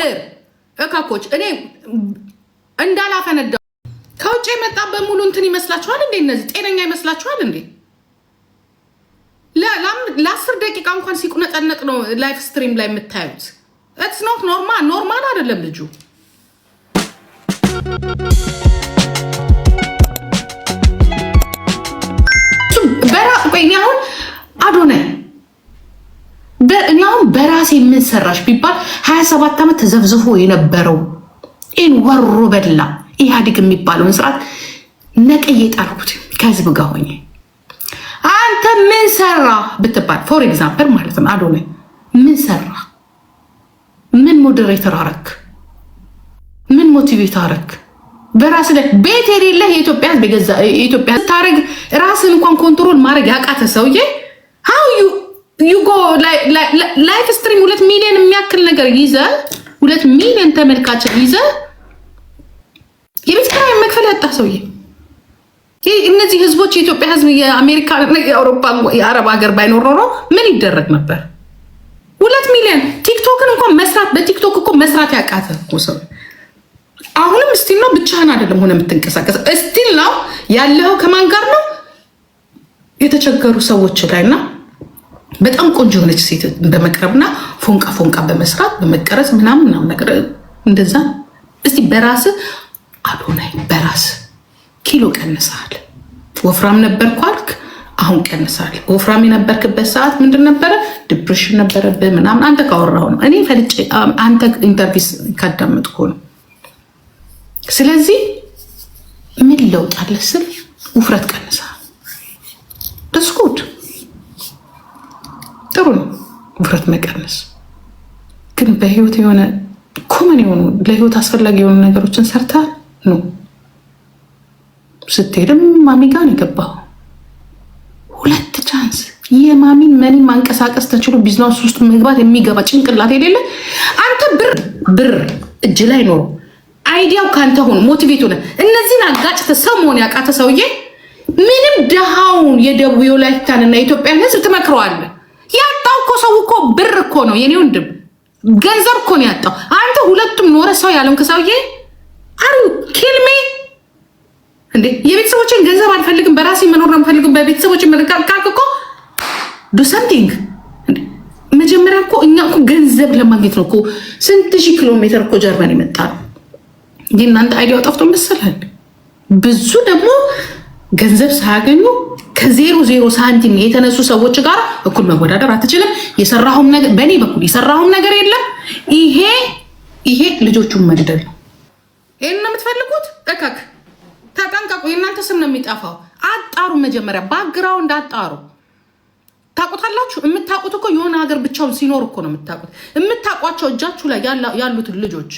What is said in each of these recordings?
ምድር እከኮች እኔ እንዳላፈነዳ ከውጭ የመጣ በሙሉ እንትን ይመስላችኋል እንዴ? እነዚህ ጤነኛ ይመስላችኋል እንዴ? ለአስር ደቂቃ እንኳን ሲቁነጠነቅ ነው ላይፍ ስትሪም ላይ የምታዩት። ኢትስ ኖት ኖርማል ኖርማል አይደለም ልጁ በራ ቆይ አሁን አዶናይ እኛሁም በራሴ የምንሰራሽ ቢባል 27 ዓመት ተዘብዝፎ የነበረው ይህን ወሮ በላ ኢህአዴግ የሚባለውን ስርዓት ነቀዬ ጣልኩት ከህዝብ ጋር ሆኜ አንተ ምን ሰራ ብትባል ፎር ኤግዛምፕል ማለት ነው አዶላይ ምን ሰራ ምን ሞዴሬተር አረክ ምን ሞቲቬት አረክ በራስ ላይ ቤት የሌለህ የኢትዮጵያ ህዝብ የኢትዮጵያ ስታረግ ራስን እንኳን ኮንትሮል ማድረግ ያቃተ ሰውዬ ዩጎ ላይፍ ስትሪም ሁለት ሚሊዮን የሚያክል ነገር ይዘ ሁለት ሚሊዮን ተመልካች ይዘ የቤት ኪራይ መክፈል ያጣ ሰውዬ እነዚህ ህዝቦች የኢትዮጵያ ህዝብ የአሜሪካ የአውሮፓ የአረብ ሀገር ባይኖር ኖሮ ምን ይደረግ ነበር? ሁለት ሚሊዮን ቲክቶክን እንኳን መስራት በቲክቶክ እኮ መስራት ያቃተ ሰው አሁንም ስቲል ነው። ብቻህን አይደለም ሆነ የምትንቀሳቀስ ስቲል ነው ያለው ከማን ጋር ነው? የተቸገሩ ሰዎች ላይ ና በጣም ቆንጆ የሆነች ሴት በመቅረብና ፎንቃ ፎንቃ በመስራት በመቀረጽ ምናምን ምናምን ነገር እንደዛ። እስቲ በራስ አዶናይ በራስ ኪሎ ቀንሰሃል። ወፍራም ነበርኩ አልክ፣ አሁን ቀንሰሃል። ወፍራም የነበርክበት ሰዓት ምንድን ነበረ? ዲፕሬሽን ነበረብህ ምናምን። አንተ ካወራሁ ነው እኔ ፈልጭ፣ አንተ ኢንተርቪስ ካዳመጥኩ ነው። ስለዚህ ምን ለውጥ አለ ስል ውፍረት ቀንሰሃል። ደስኩድ ጥሩ ነው ውፍረት መቀነስ። ግን በህይወት የሆነ ኮመን የሆኑ ለህይወት አስፈላጊ የሆኑ ነገሮችን ሰርታ ነው። ስትሄድም ማሚ ጋር ነው የገባው። ሁለት ቻንስ የማሚን መኒ ማንቀሳቀስ ተችሎ ቢዝነስ ውስጥ መግባት የሚገባ ጭንቅላት የሌለ አንተ ብር ብር እጅ ላይ ኖሮ አይዲያው ከአንተ ሆኖ ሞቲቬት ሆነ እነዚህን አጋጭተ ሰው መሆን ያቃተ ሰውዬ ምንም ድሃውን የደቡብ ወላይታንና የኢትዮጵያን ህዝብ ትመክረዋለህ። እኮ ሰው እኮ ብር እኮ ነው የኔ ወንድም፣ ገንዘብ እኮ ነው ያጣው። አንተ ሁለቱም ኖረ ሰው ያለውን ከሰውዬ አሩ ኪልሜ እንዴ የቤተሰቦችን ገንዘብ አልፈልግም፣ በራሴ መኖር ነው የምፈልግም። በቤተሰቦችን መልካም ካልክ እኮ ዱ ሰምቲንግ መጀመሪያ እኮ እኛ እኮ ገንዘብ ለማግኘት ነው እኮ ስንት ሺህ ኪሎ ሜትር እኮ ጀርመን የመጣ ነው። እናንተ አይዲያው ጠፍቶ መሰላል። ብዙ ደግሞ ገንዘብ ሳያገኙ ከዜሮ ዜሮ ሳንቲም የተነሱ ሰዎች ጋር እኩል መወዳደር አትችልም። የሰራሁም ነገር በእኔ በኩል የሰራሁም ነገር የለም። ይሄ ይሄ ልጆቹን መግደል ነው። ይህን የምትፈልጉት? እከክ ተጠንቀቁ። የእናንተ ስም ነው የሚጠፋው። አጣሩ፣ መጀመሪያ ባክግራውንድ አጣሩ። ታውቁታላችሁ። የምታውቁት እኮ የሆነ ሀገር ብቻውን ሲኖር እኮ ነው የምታውቁት። የምታውቋቸው እጃችሁ ላይ ያሉትን ልጆች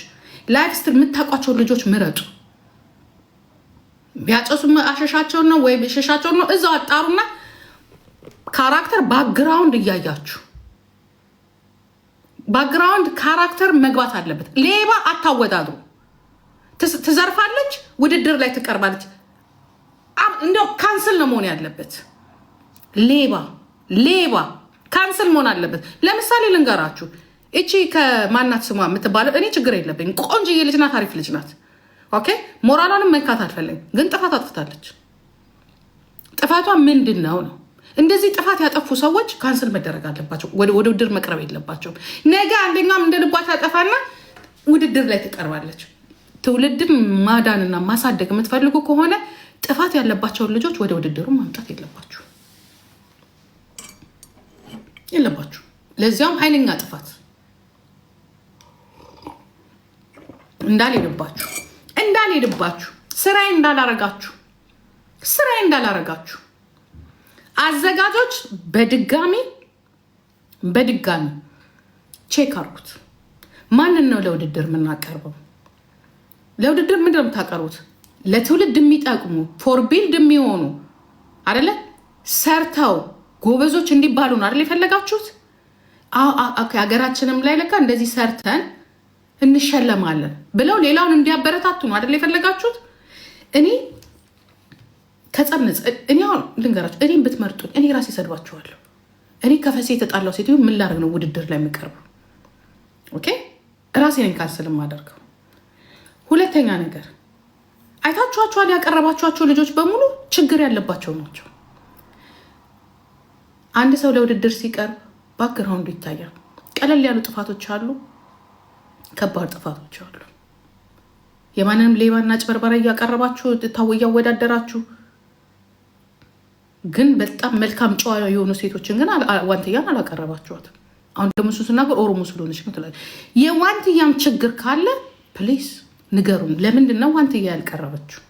ላይፍ ስትል የምታውቋቸውን ልጆች ምረጡ። ቢያጨሱ አሸሻቸውን ነው ወይም ሸሻቸውን ነው። እዛው አጣሩና ካራክተር ባክግራውንድ እያያችሁ ባክግራውንድ ካራክተር መግባት አለበት። ሌባ አታወጣጡ ትዘርፋለች፣ ውድድር ላይ ትቀርባለች። እንደው ካንስል ነው መሆን ያለበት። ሌባ ሌባ ካንስል መሆን አለበት። ለምሳሌ ልንገራችሁ፣ እቺ ከማናት ስሟ የምትባለው እኔ ችግር የለብኝ ቆንጆዬ ልጅ ናት፣ አሪፍ ልጅ ናት። ኦኬ ሞራሏንም መንካት አልፈለግም፣ ግን ጥፋት አጥፍታለች። ጥፋቷ ምንድን ነው ነው? እንደዚህ ጥፋት ያጠፉ ሰዎች ካንስል መደረግ አለባቸው፣ ወደ ውድድር መቅረብ የለባቸውም። ነገ አንደኛም እንደ ልቧ ታጠፋና ውድድር ላይ ትቀርባለች። ትውልድም ማዳንና ማሳደግ የምትፈልጉ ከሆነ ጥፋት ያለባቸውን ልጆች ወደ ውድድሩ ማምጣት የለባችሁ የለባችሁ ለዚያውም ኃይለኛ ጥፋት እንዳልሄድባችሁ እንዳልሄድባችሁ ስራዬ እንዳላረጋችሁ ስራዬ እንዳላረጋችሁ አዘጋጆች በድጋሚ በድጋሚ ቼክ አርጉት። ማንን ነው ለውድድር የምናቀርበው? ለውድድር ምንድን ነው የምታቀርቡት? ለትውልድ የሚጠቅሙ ፎር ቢልድ የሚሆኑ አደለ? ሰርተው ጎበዞች እንዲባሉ ነው አደለ የፈለጋችሁት? ሀገራችንም ላይ ለካ እንደዚህ ሰርተን እንሸለማለን ብለው ሌላውን እንዲያበረታቱ ነው አይደል የፈለጋችሁት? እኔ ከጸምጽ እኔ አሁን ልንገራችሁ፣ እኔም ብትመርጡኝ እኔ ራሴ ሰድባችኋለሁ። እኔ ከፈሴ የተጣላው ሴትዮ ምን ላደርግ ነው ውድድር ላይ የምቀርበው? ኦኬ ራሴ ነኝ ካንስል የማደርገው። ሁለተኛ ነገር አይታችኋቸዋል። ያቀረባችኋቸው ልጆች በሙሉ ችግር ያለባቸው ናቸው። አንድ ሰው ለውድድር ሲቀርብ ባክግራውንዱ ይታያል። ቀለል ያሉ ጥፋቶች አሉ ከባድ ጥፋቶች አሉ። የማንንም ሌባና ጭበርበራ እያቀረባችሁ ታወ እያወዳደራችሁ ግን በጣም መልካም ጨዋ የሆኑ ሴቶችን ግን ዋንትያን አላቀረባችኋትም። አሁን ደግሞ እሱ ስናገር ኦሮሞ ስለሆነች ነው ትላለች። የዋንትያም ችግር ካለ ፕሊስ ንገሩን። ለምንድን ነው ዋንትያ ያልቀረበችው?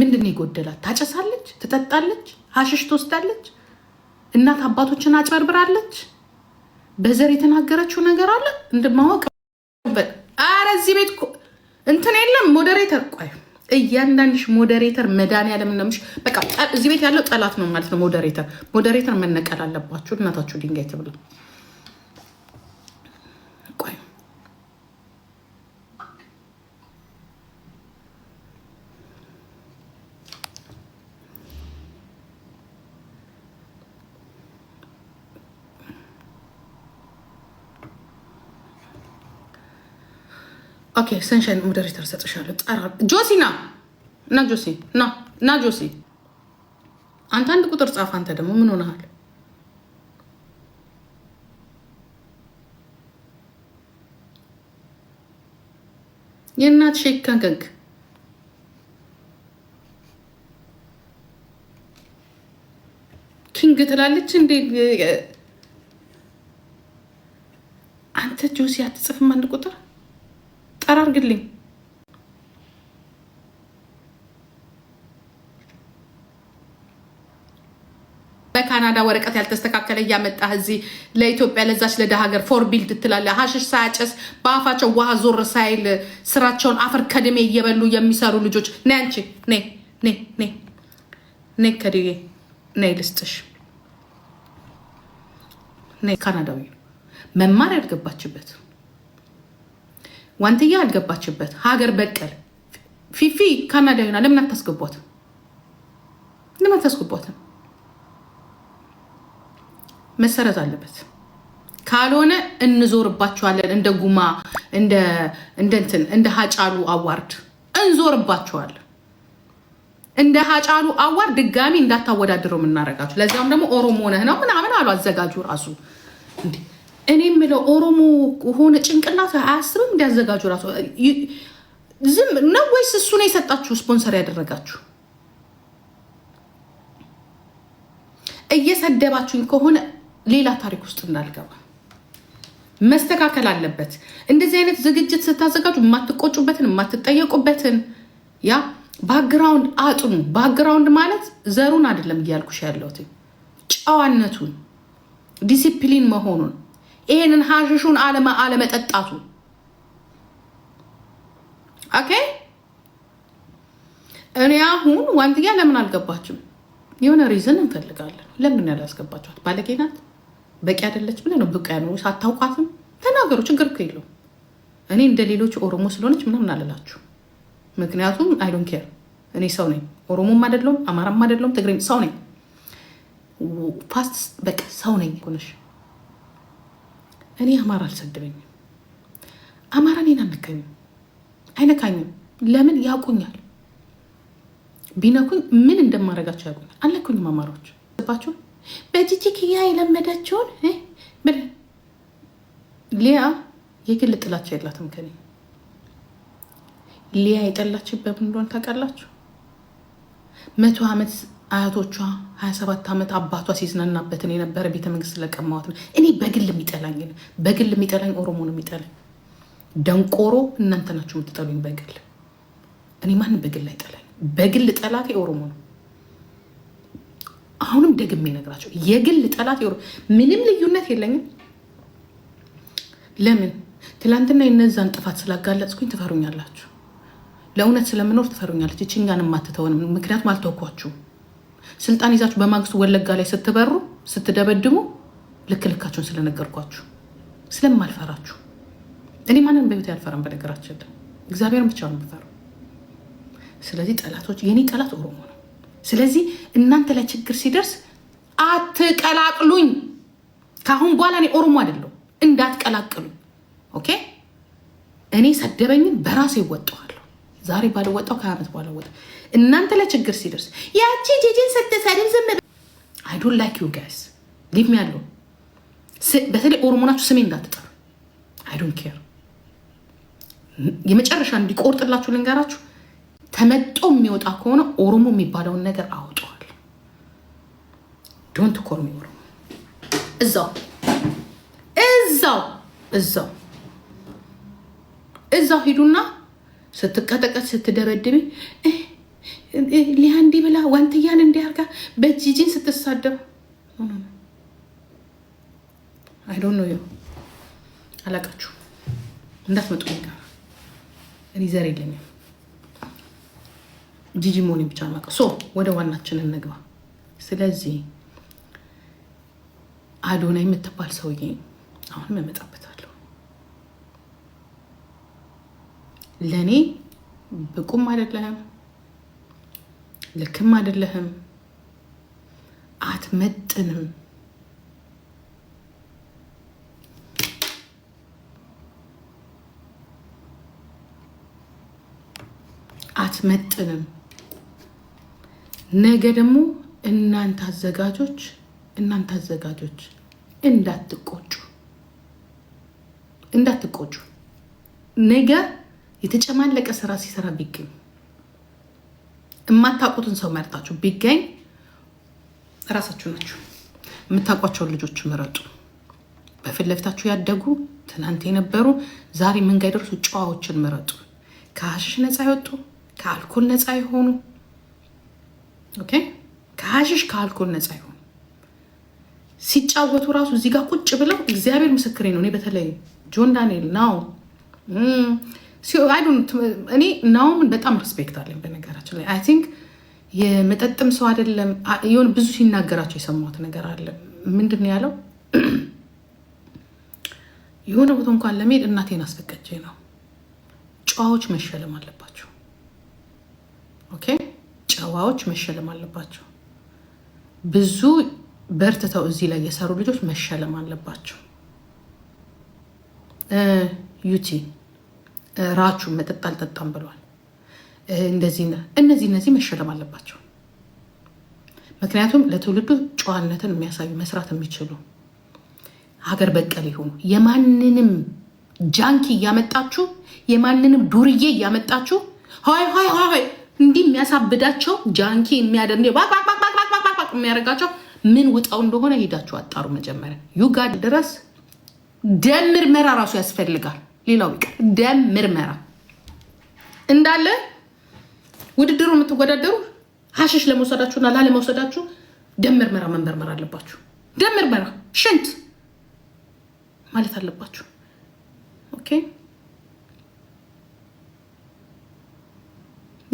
ምንድን ይጎደላል ታጨሳለች፣ ትጠጣለች፣ ሀሽሽ ትወስዳለች፣ እናት አባቶችን አጭበርብራለች። በዘር የተናገረችው ነገር አለ እንደማወቅ ኧረ እዚህ ቤት እንትን የለም ሞዴሬተር ቆይ እያንዳንድሽ ሞዴሬተር መድኃኒዓለም እንደምሽ በቃ እዚህ ቤት ያለው ጠላት ነው ማለት ነው ሞዴሬተር ሞዴሬተር መነቀል አለባችሁ እናታችሁ ድንጋይ ትብላ ኦኬ ሰንሻይን ሞዴሬተር ሰጥሻለሁ። ጠራ ጆሲ ና እና ጆሲ ና እና ጆሲ አንተ አንድ ቁጥር ጻፍ። አንተ ደግሞ ምን ሆነሃል? የእናት ሼክ ከንከንክ ኪንግ ትላለች እንዴ አንተ ጆሲ አትጽፍም አንድ ቁጥር ጠራርግልኝ በካናዳ ወረቀት ያልተስተካከለ እያመጣ እዚህ ለኢትዮጵያ ለዛች ለደ ሀገር ፎር ቢልድ ትላለ። ሀሽሽ ሳያጨስ በአፋቸው ውሃ ዞር ሳይል ስራቸውን አፈር ከድሜ እየበሉ የሚሰሩ ልጆች ነ አንቺ ኔ ኔ ኔ ኔ ከድዬ ነ ልስጥሽ ነ ካናዳዊ መማር ያልገባችበት ዋንትያ አልገባችበት ሀገር በቀል ፊፊ ካናዳ ይሆናል። ለምን አታስገቧትም? ለምን አታስገቧትም? መሰረት አለበት። ካልሆነ እንዞርባቸዋለን። እንደ ጉማ እንደ እንደ ሀጫሉ አዋርድ እንዞርባቸዋለን። እንደ ሀጫሉ አዋር ድጋሚ እንዳታወዳድረው የምናረጋቸው። ለዚያም ደግሞ ኦሮሞ ነህ ነው ምናምን አሉ አዘጋጁ ራሱ እኔ የምለው ኦሮሞ ሆነ ጭንቅላት አያስብም። እንዲያዘጋጁ ራሱ ዝም ነው ወይስ እሱ ነው የሰጣችሁ ስፖንሰር ያደረጋችሁ? እየሰደባችሁኝ ከሆነ ሌላ ታሪክ ውስጥ እንዳልገባ መስተካከል አለበት። እንደዚህ አይነት ዝግጅት ስታዘጋጁ የማትቆጩበትን የማትጠየቁበትን ያ ባክግራውንድ አጥኑ። ባክግራውንድ ማለት ዘሩን አይደለም እያልኩሽ ያለሁት ጨዋነቱን ዲሲፕሊን መሆኑን ይሄንን ሀሽሹን አለመ አለመጠጣቱ ኦኬ። እኔ አሁን ዋንትያ ለምን አልገባችም? የሆነ ሪዝን እንፈልጋለን። ለምን ያላስገባችኋት? ባለጌ ናት፣ በቂ አይደለች ብለህ ነው ብቃ ነው። ሳታውቋትም ተናገሩ፣ ችግር እኮ የለውም። እኔ እንደ ሌሎች ኦሮሞ ስለሆነች ምናምን አልላችሁ። ምክንያቱም አይዶን ኬር እኔ ሰው ነኝ። ኦሮሞም አይደለሁም፣ አማራም አይደለሁም፣ ትግሬም ሰው ነኝ። ፋስት በቃ ሰው ነኝ ሆነሽ እኔ አማራ አልሰድበኝም። አማራ እኔን አንከኝም፣ አይነካኝም። ለምን ያውቁኛል። ቢነኩኝ ምን እንደማደርጋቸው ያውቁኛል። አልነኩኝም። አማራዎች ባቸው በጂጂ ኪያ የለመደችውን ሊያ የግል ጥላቻ የላትም ከኔ ሊያ የጠላችበት እንደሆነ ታውቃላችሁ መቶ ዓመት አያቶቿ 27 ዓመት አባቷ ሲዝናናበትን የነበረ ቤተ መንግስት ስለቀማዋት ነው። እኔ በግል የሚጠላኝ በግል የሚጠላኝ ኦሮሞ ነው የሚጠላኝ። ደንቆሮ እናንተ ናቸው የምትጠሉኝ በግል። እኔ ማንም በግል አይጠላኝ። በግል ጠላት ኦሮሞ ነው። አሁንም ደግሜ ነግራቸው የግል ጠላት ምንም ልዩነት የለኝም። ለምን ትላንትና የነዛን ጥፋት ስላጋለጽኩኝ ትፈሩኛላችሁ። ለእውነት ስለምኖር ትፈሩኛለች። ይችኛን የማትተወንም ምክንያቱም አልተውኳችሁም። ስልጣን ይዛችሁ በማግስቱ ወለጋ ላይ ስትበሩ ስትደበድሙ ልክ ልካችሁን ስለነገርኳችሁ ስለማልፈራችሁ እኔ ማንን በህይወት ያልፈራም። በነገራችን እግዚአብሔርን ብቻ ነው የምፈራው። ስለዚህ ጠላቶች የኔ ጠላት ኦሮሞ ነው። ስለዚህ እናንተ ላይ ችግር ሲደርስ አትቀላቅሉኝ። ከአሁን በኋላ እኔ ኦሮሞ አይደለሁ፣ እንዳትቀላቅሉኝ። ኦኬ። እኔ ሰደበኝን በራሴ ይወጠዋል። ዛሬ ባልወጣው ከዓመት በኋላ ወጣ። እናንተ ለችግር ሲደርስ ያቺ ጄጄን ስትሰድብ ዝም አይ ዶንት ላይክ ዩ ጋይስ ሊቭ ሚ አለው። በተለይ ኦሮሞ ስሜ እንዳትጠሩ አይ ዶንት ኬር። የመጨረሻ እንዲቆርጥላችሁ ልንገራችሁ፣ ተመጦ የሚወጣ ከሆነ ኦሮሞ የሚባለውን ነገር አውጠዋል። ዶንት ኮር ሚ ኦሮሞ እዛው እዛው እዛው እዛው ሂዱና ስትቀጠቀጥ ስትደበድብ ሊያ እንዲህ ብላ ዋንትያን እንዲያርጋ በጂጂን ስትሳደብ አይዶን ነው አላቃችሁ እንዳትመጡ ጋር እኔ ዘር የለኝም። ጂጂ መሆኔ ብቻ ማቀ ሶ ወደ ዋናችን እንግባ። ስለዚህ አዶና የምትባል ሰውዬ አሁንም የመጣበት ለእኔ ብቁም አይደለህም፣ ልክም አይደለህም፣ አትመጥንም አትመጥንም። ነገ ደግሞ እናንተ አዘጋጆች እናንተ አዘጋጆች እንዳትቆጩ እንዳትቆጩ ነገ የተጨማለቀ ስራ ሲሰራ ቢገኝ የማታውቁትን ሰው መርጣችሁ ቢገኝ እራሳችሁ ናችሁ። የምታውቋቸውን ልጆች ምረጡ። በፊት ለፊታችሁ ያደጉ ትናንት የነበሩ ዛሬ ምን ጋ ጨዋዎችን ምረጡ። ከሀሽሽ ነፃ የወጡ ከአልኮል ነፃ የሆኑ ኦኬ፣ ከሀሽሽ ከአልኮል ነፃ የሆኑ ሲጫወቱ ራሱ እዚህ ጋር ቁጭ ብለው እግዚአብሔር ምስክሬ ነው። እኔ በተለይ ጆን ዳንኤል ናው እኔ ናውም በጣም ሪስፔክት አለኝ። በነገራችን ላይ አይ ቲንክ የመጠጥም ሰው አይደለም። የሆነ ብዙ ሲናገራቸው የሰማሁት ነገር አለ። ምንድን ነው ያለው? የሆነ ቦታ እንኳን ለመሄድ እናቴን አስፈቀጀ ነው። ጨዋዎች መሸለም አለባቸው። ኦኬ፣ ጨዋዎች መሸለም አለባቸው። ብዙ በርትተው እዚህ ላይ የሰሩ ልጆች መሸለም አለባቸው። ዩቲ ራቹ መጠጥ አልጠጣም ብሏል። እንደዚህ እነዚህ እነዚህ መሸለም አለባቸው። ምክንያቱም ለትውልዱ ጨዋነትን የሚያሳዩ መስራት የሚችሉ ሀገር በቀል የሆኑ የማንንም ጃንኪ እያመጣችሁ የማንንም ዱርዬ እያመጣችሁ ሆይ ሆይ ሆይ እንዲህ የሚያሳብዳቸው ጃንኪ የሚያደር የሚያደርጋቸው ምን ውጣው እንደሆነ ሄዳችሁ አጣሩ። መጀመሪያ ዩጋድ ድረስ ደምርመራ ራሱ ያስፈልጋል። ሌላው ቢቀር ደም ምርመራ እንዳለ ውድድሩ የምትወዳደሩ ሀሽሽ ለመውሰዳችሁና ላለመውሰዳችሁ ደም ምርመራ መመርመር አለባችሁ። ደም ምርመራ ሽንት ማለት አለባችሁ። ኦኬ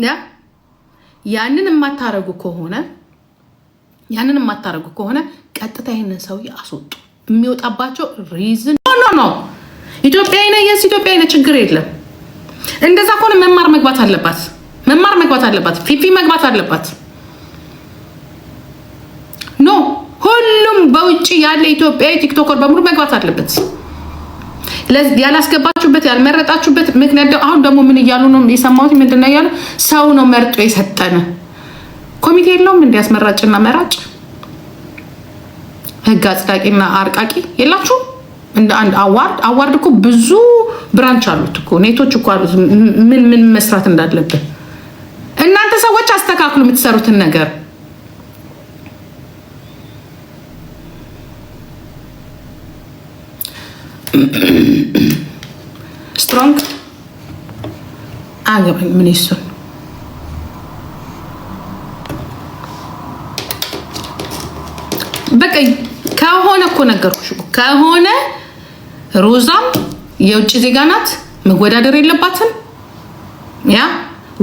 ያ ያንን የማታረጉ ከሆነ ያንን የማታረጉ ከሆነ ቀጥታ ይህንን ሰውዬ አስወጡ። የሚወጣባቸው ሪዝን ኖ ኖ ኖ ኢትዮጵያዊ ነህ? የስ ኢትዮጵያዊ ነህ። ችግር የለም። እንደዛ ከሆነ መማር መግባት አለባት። መማር መግባት አለባት። ፊፊ መግባት አለባት። ኖ ሁሉም በውጭ ያለ ኢትዮጵያዊ ቲክቶከር በሙሉ መግባት አለበት። ያላስገባችሁበት ያልመረጣችሁበት ምክንያት አሁን ደግሞ ምን እያሉ ነው የሰማሁት? ምንድን ነው እያሉ ሰው ነው መርጦ የሰጠን ኮሚቴ የለውም እንዲ አስመራጭና መራጭ ህግ አጽዳቂና አርቃቂ የላችሁም እንደ አንድ አዋርድ አዋርድ እኮ ብዙ ብራንች አሉት እኮ ኔቶች እኮ አሉት። ምን ምን መስራት እንዳለብን እናንተ ሰዎች አስተካክሉ የምትሰሩትን ነገር። ስትሮንግ አገባኝ ምን ይሱን በቀኝ ከሆነ እኮ ነገርኩሽ ከሆነ ሮዛም የውጭ ዜጋ ናት፣ መወዳደር የለባትም። ያ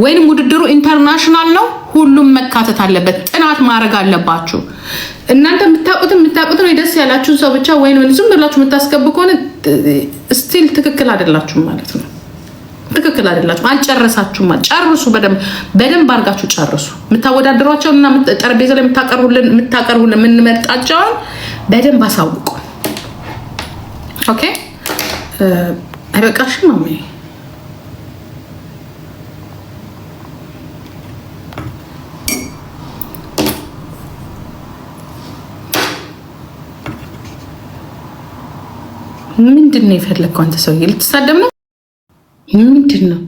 ወይንም ውድድሩ ኢንተርናሽናል ነው፣ ሁሉም መካተት አለበት። ጥናት ማድረግ አለባችሁ። እናንተ የምታውቁትን ነው ደስ ያላችሁን ሰው ብቻ ወይንም ዝም ብላችሁ የምታስገቡ ከሆነ ስቲል ትክክል አይደላችሁም ማለት ነው። ትክክል አይደላችሁም፣ አልጨረሳችሁም። ጨርሱ፣ በደንብ አድርጋችሁ ጨርሱ። የምታወዳደሯቸውን እና ጠረጴዛ ላይ የምታቀርቡልን የምንመርጣቸውን በደንብ አሳውቁ። ኦኬ አይበቃሽም ማሜ? ምንድን ነው የፈለግከው? አንተ ሰውዬ ልትሳደብ ነው? ምንድን ነው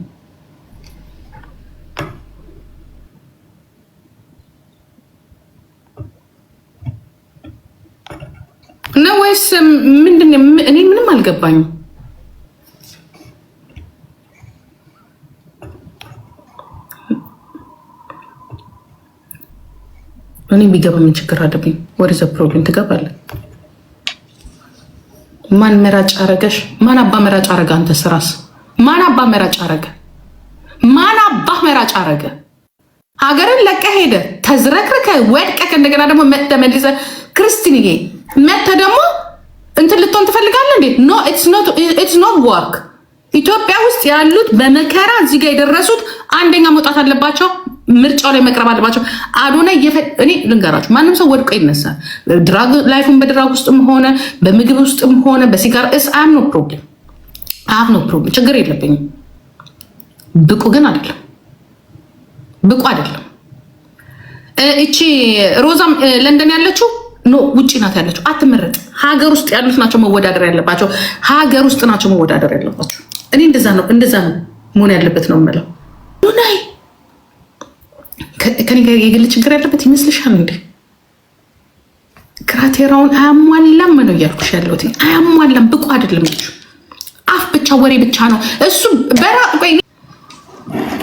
ምንድን እኔ ምንም አልገባኝም። እኔ ቢገባ ምን ችግር አለብኝ? ወደ ዘ ፕሮብሌም ትገባለን። ማን መራጭ አረገሽ? ማን አባ መራጭ አረገ? አንተ ስራስ ማን አባ መራጭ አረገ? ማን አባ መራጭ አረገ? ሀገርን ለቀ ሄደ ተዝረክርከ ወድቀክ እንደገና ደግሞ መጥተህ መልሰህ ክርስቲንዬ መጥተህ ደግሞ እንትን ልትሆን ትፈልጋለህ እንዴ? ኖ ኢትስ ኖት ወርክ። ኢትዮጵያ ውስጥ ያሉት በመከራ እዚህ ጋር የደረሱት አንደኛ መውጣት አለባቸው፣ ምርጫው ላይ መቅረብ አለባቸው። አዶና እኔ ልንገራችሁ፣ ማንም ሰው ወድቆ ይነሳል። ድራግ ላይፉን በድራግ ውስጥም ሆነ በምግብ ውስጥም ሆነ በሲጋር እስ አም ኖ ፕሮብሌም አም ኖ ፕሮብሌም ችግር የለብኝም። ብቁ ግን አይደለም፣ ብቁ አይደለም። እቺ ሮዛም ለንደን ያለችው ኖ ውጭ ናት ያለችው፣ አትመረጥ። ሀገር ውስጥ ያሉት ናቸው መወዳደር ያለባቸው፣ ሀገር ውስጥ ናቸው መወዳደር ያለባቸው። እኔ እንደዛ ነው እንደዛ ነው መሆን ያለበት ነው የምለው። ኑናይ ከኔ ጋር የግል ችግር ያለበት ይመስልሻል እንዴ? ክራቴራውን አያሟላም ነው እያልኩሽ ያለሁት። አያሟላም፣ ብቁ አይደለም። አፍ ብቻ ወሬ ብቻ ነው እሱ በራ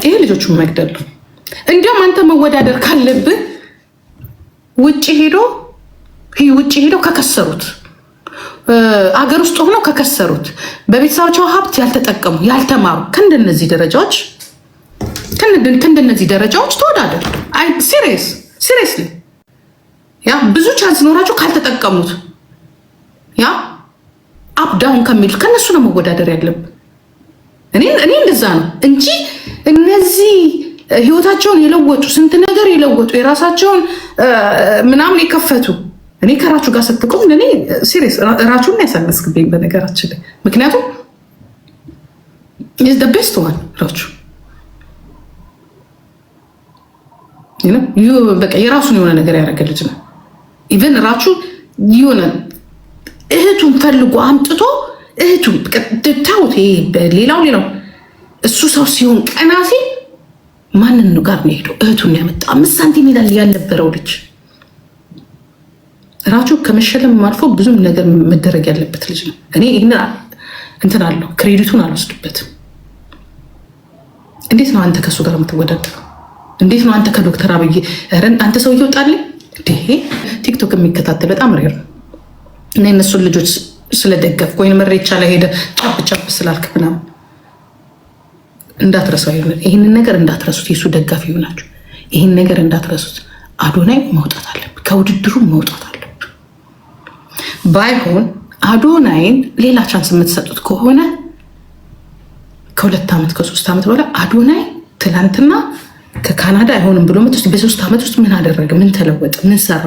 ይሄ ልጆቹን መግደሉ። እንዲያውም አንተ መወዳደር ካለብህ ውጭ ሄዶ ይህ ውጭ ሄደው ከከሰሩት አገር ውስጥ ሆኖ ከከሰሩት በቤተሰባቸው ሀብት ያልተጠቀሙ ያልተማሩ ከእንደነዚህ ደረጃዎች ከእንደነዚህ ደረጃዎች ተወዳደር። ሲሪየስ ሲሪየስሊ ያ ብዙ ቻንስ ኖራቸው ካልተጠቀሙት ያ አፕ ዳውን ከሚሉት ከእነሱ ነው መወዳደር ያለብን። እኔ እንደዛ ነው እንጂ እነዚህ ህይወታቸውን የለወጡ ስንት ነገር የለወጡ የራሳቸውን ምናምን የከፈቱ እኔ ከራቹ ጋር ስትቆም እኔ ሲሪየስ ራቹን ያሳነስክብኝ በነገራችን ላይ ምክንያቱም ኢዝ ደ ቤስት ዋን ራቹ በቃ የራሱን የሆነ ነገር ያደረገ ልጅ ነው። ኢቨን ራቹ የሆነ እህቱን ፈልጎ አምጥቶ እህቱን ታውት ሌላው ሌላው እሱ ሰው ሲሆን ቀናፊ ማንን ጋር ነው ሄደው እህቱን ያመጣ አምስት ሳንቲም ይላል ያልነበረው ልጅ ራቸው ከመሸለም አልፎ ብዙም ነገር መደረግ ያለበት ልጅ ነው። እኔ ይህን እንትን አለው ክሬዲቱን አልወስድበትም። እንዴት ነው አንተ ከእሱ ጋር የምትወዳደረው? እንዴት ነው አንተ ከዶክተር አብይ ረን አንተ ሰው እየወጣልኝ እንዲሄ ቲክቶክ የሚከታተል በጣም ሬር እና የነሱን ልጆች ስለደገፍክ ወይም መሬቻ ላይ ሄደ ጫፍ ጫፍ ስላልክ ምናምን እንዳትረሳው፣ ይህንን ነገር እንዳትረሱት። የእሱ ደጋፊ ናቸው። ይህን ነገር እንዳትረሱት። አዶናይ መውጣት አለብህ፣ ከውድድሩ መውጣት አለ ባይሆን አዶናይን ሌላ ቻንስ የምትሰጡት ከሆነ ከሁለት ዓመት ከሶስት ዓመት በኋላ አዶናይ ትላንትና ከካናዳ አይሆንም ብሎ መት በሶስት ዓመት ውስጥ ምን አደረገ? ምን ተለወጠ? ምን ሰራ?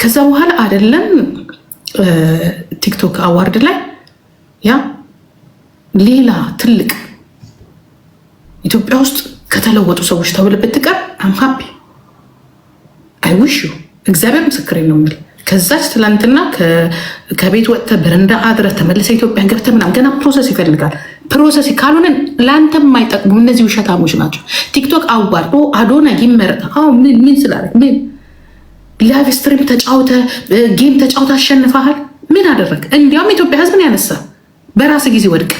ከዛ በኋላ አይደለም ቲክቶክ አዋርድ ላይ ያ ሌላ ትልቅ ኢትዮጵያ ውስጥ ከተለወጡ ሰዎች ተብለ ብትቀር አም ሃፒ አይ እግዚአብሔር ምስክሬ ነው የምልህ። ከዛች ትላንትና ከቤት ወጥተ በረንዳ አድረ ተመልሰ ኢትዮጵያን ገብተ ምናምን ገና ፕሮሰስ ይፈልጋል። ፕሮሰስ ካልሆነ ለአንተ የማይጠቅሙ እነዚህ ውሸታሞች ናቸው። ቲክቶክ አዋርዶ አዶና ይመረጥ ምን ምን ስላለ ምን ላይቭ ስትሪም ተጫውተ ጌም ተጫውተ አሸንፈሃል። ምን አደረግ? እንዲያውም ኢትዮጵያ ህዝብን ያነሳ በራስ ጊዜ ወድቅ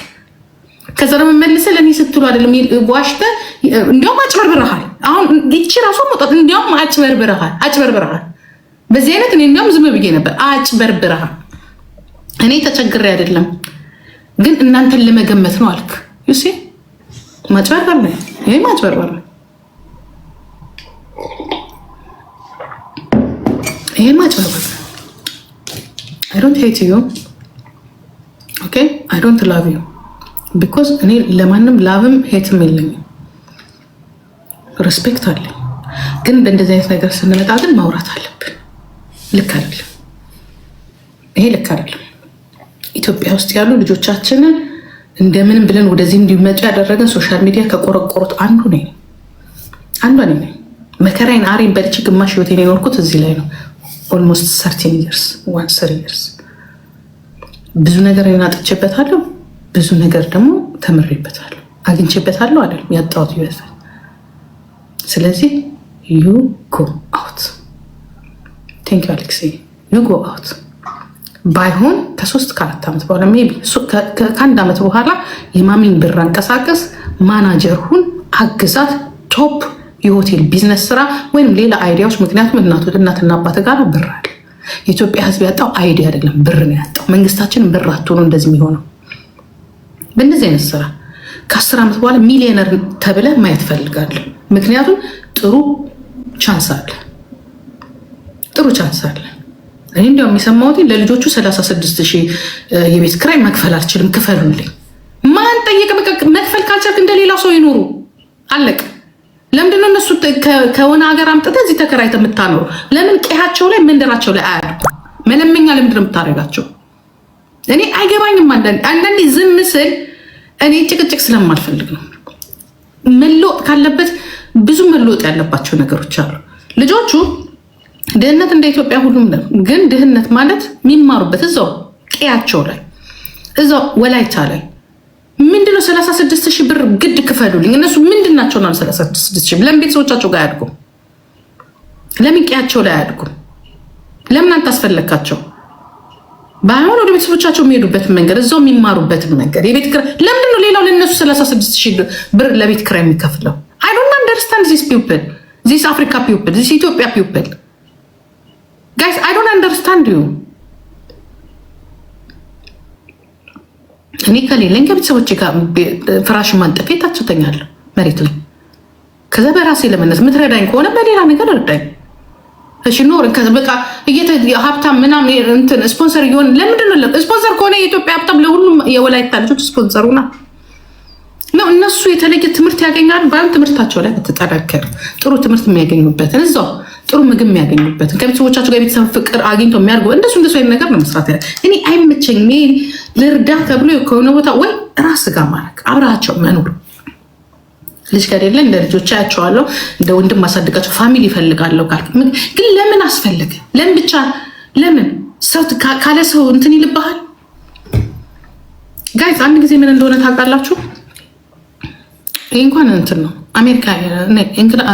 ከዛ ደግሞ መልሰ ለእኔ ስትሉ አይደለም ዋሽተ እንዲያውም አጭበርብረሃል። አሁን ይቺ ራሱ መውጣት እንዲያውም አጭበርብረሃል አጭበርብረሃል በዚህ አይነት እኔ እንዲያውም ዝም ብዬ ነበር። አጭበርብረሃ እኔ ተቸግሬ አይደለም ግን እናንተን ለመገመት ነው አልክ። ዩሴ ማጭበርበር ነው፣ ይሄ ማጭበርበር ነው፣ ማጭበርበር አይ ዶንት ሄት ዩ ኦኬ አይ ዶንት ላቭ ዩ ቢኮዝ እኔ ለማንም ላቭም ሄትም የለኝም፣ ሪስፔክት አለኝ። ግን በእንደዚህ አይነት ነገር ስንመጣ ግን ማውራት አለብን። ልክ አይደለም። ይሄ ልክ አይደለም። ኢትዮጵያ ውስጥ ያሉ ልጆቻችንን እንደምንም ብለን ወደዚህ እንዲመጡ ያደረገን ሶሻል ሚዲያ ከቆረቆሩት አንዱ ነኝ አንዷ አሬን በልቼ ግማሽ ህይወቴን የኖርኩት እዚህ ላይ ነው። ኦልሞስት ሰርቲን ይርስ ዋን ይርስ ብዙ ነገር ብዙ ነገር ደግሞ ተምሬበታለሁ፣ አግኝቼበታለሁ አይደለም ያጣሁት ስለዚህ ዩ ጎ አውት ቴንክ ዩ አሌክሲ ዩ ጎ አውት ባይሆን ከሶስት ከአራት ዓመት በኋላ ሜይ ቢ ከአንድ ዓመት በኋላ የማሚን ብር አንቀሳቀስ፣ ማናጀር ሁን፣ አግዛት፣ ቶፕ የሆቴል ቢዝነስ ስራ ወይም ሌላ አይዲያዎች። ምክንያቱም እናትና አባት ጋር ብር አለ። የኢትዮጵያ ህዝብ ያጣው አይዲያ አይደለም ብር ነው ያጣው። መንግስታችን ብር ነው እንደዚህ የሚሆነው በእንደዚህ አይነት ስራ ከአስር ዓመት በኋላ ሚሊዮነር ተብለ ማየት ፈልጋለሁ። ምክንያቱም ጥሩ ቻንስ አለ። ጥሩ ቻንስ አለ። እኔ እንዲያውም የሰማሁት ለልጆቹ 36 ሺህ የቤት ክራይ መክፈል አልችልም ክፈሉልኝ። ማን ጠየቀ? መክፈል ካልቻልክ እንደሌላ ሰው ይኖሩ አለቅ። ለምንድነው እነሱ ከሆነ ሀገር አምጥተህ እዚህ ተከራይተ የምታኖሩ? ለምን ቀያቸው ላይ መንደራቸው ላይ አያሉ? መለመኛ ለምንድነው የምታደርጋቸው? እኔ አይገባኝም። አንዳንዴ ዝም ስል እኔ ጭቅጭቅ ስለማልፈልግ ነው። መለወጥ ካለበት ብዙ መለወጥ ያለባቸው ነገሮች አሉ ልጆቹ ድህነት እንደ ኢትዮጵያ ሁሉም ነው። ግን ድህነት ማለት የሚማሩበት እዛው ቀያቸው ላይ እዛው ወላይታ ላይ ምንድነው 36 ሺህ ብር ግድ ክፈሉልኝ። እነሱ ምንድን ናቸው? ና 36 ሺህ ለምን ቤተሰቦቻቸው ጋር አያድጉም? ለምን ቀያቸው ላይ አያድጉም? ለምን አንተ አስፈለግካቸው? ባይሆን ወደ ቤተሰቦቻቸው የሚሄዱበትን መንገድ እዛው የሚማሩበትን መንገድ የቤት ኪራይ ለምንድነው ሌላው ለእነሱ 36 ሺህ ብር ለቤት ኪራይ የሚከፍለው? አይ ዶንት አንደርስታንድ ዚስ ፒውፕል ዚስ አፍሪካ ፒውፕል ዚስ ኢትዮጵያ ፒውፕል ጋይስ አይ ዶንት አንደርስታንድ ዩ። እኔ ከሌለኝ ከቤተሰቦቼ ጋር ፍራሽ ማንጠፌ ታች እተኛለሁ መሬት ላይ። ከዛ በራሴ ለመነስ ምትረዳኝ ከሆነ በሌላ ነገር እርዳኝ። እሺ ኖርን በቃ ሀብታም ምናምን እንትን ስፖንሰር እየሆን ለምንድን ነው ስፖንሰር ከሆነ የኢትዮጵያ ሀብታም ለሁሉም የወላይታ ልጆች ስፖንሰሩና ነው እነሱ የተለየ ትምህርት ያገኛሉ። በአንድ ትምህርታቸው ላይ በተጠናከረ ጥሩ ትምህርት የሚያገኙበትን እዛው ጥሩ ምግብ የሚያገኙበት ከቤተሰቦቻቸው ጋር የቤተሰብ ፍቅር አግኝቶ የሚያደርገው እንደሱ እንደሱ አይነት ነገር ነው መስራት ያለ። እኔ አይመቸኝ ልርዳ ተብሎ ከሆነ ቦታ ወይ ራስ ጋር ማድረግ አብረሃቸው መኖር ልጅ ከሌለ እንደ ልጆች አያቸዋለሁ፣ እንደ ወንድም ማሳደጋቸው ፋሚሊ ይፈልጋለሁ። ግን ለምን አስፈለገ? ለምን ብቻ ለምን ሰው ካለ ሰው እንትን ይልባሃል። ጋይዝ አንድ ጊዜ ምን እንደሆነ ታውቃላችሁ። ይህ እንኳን እንትን ነው አሜሪካ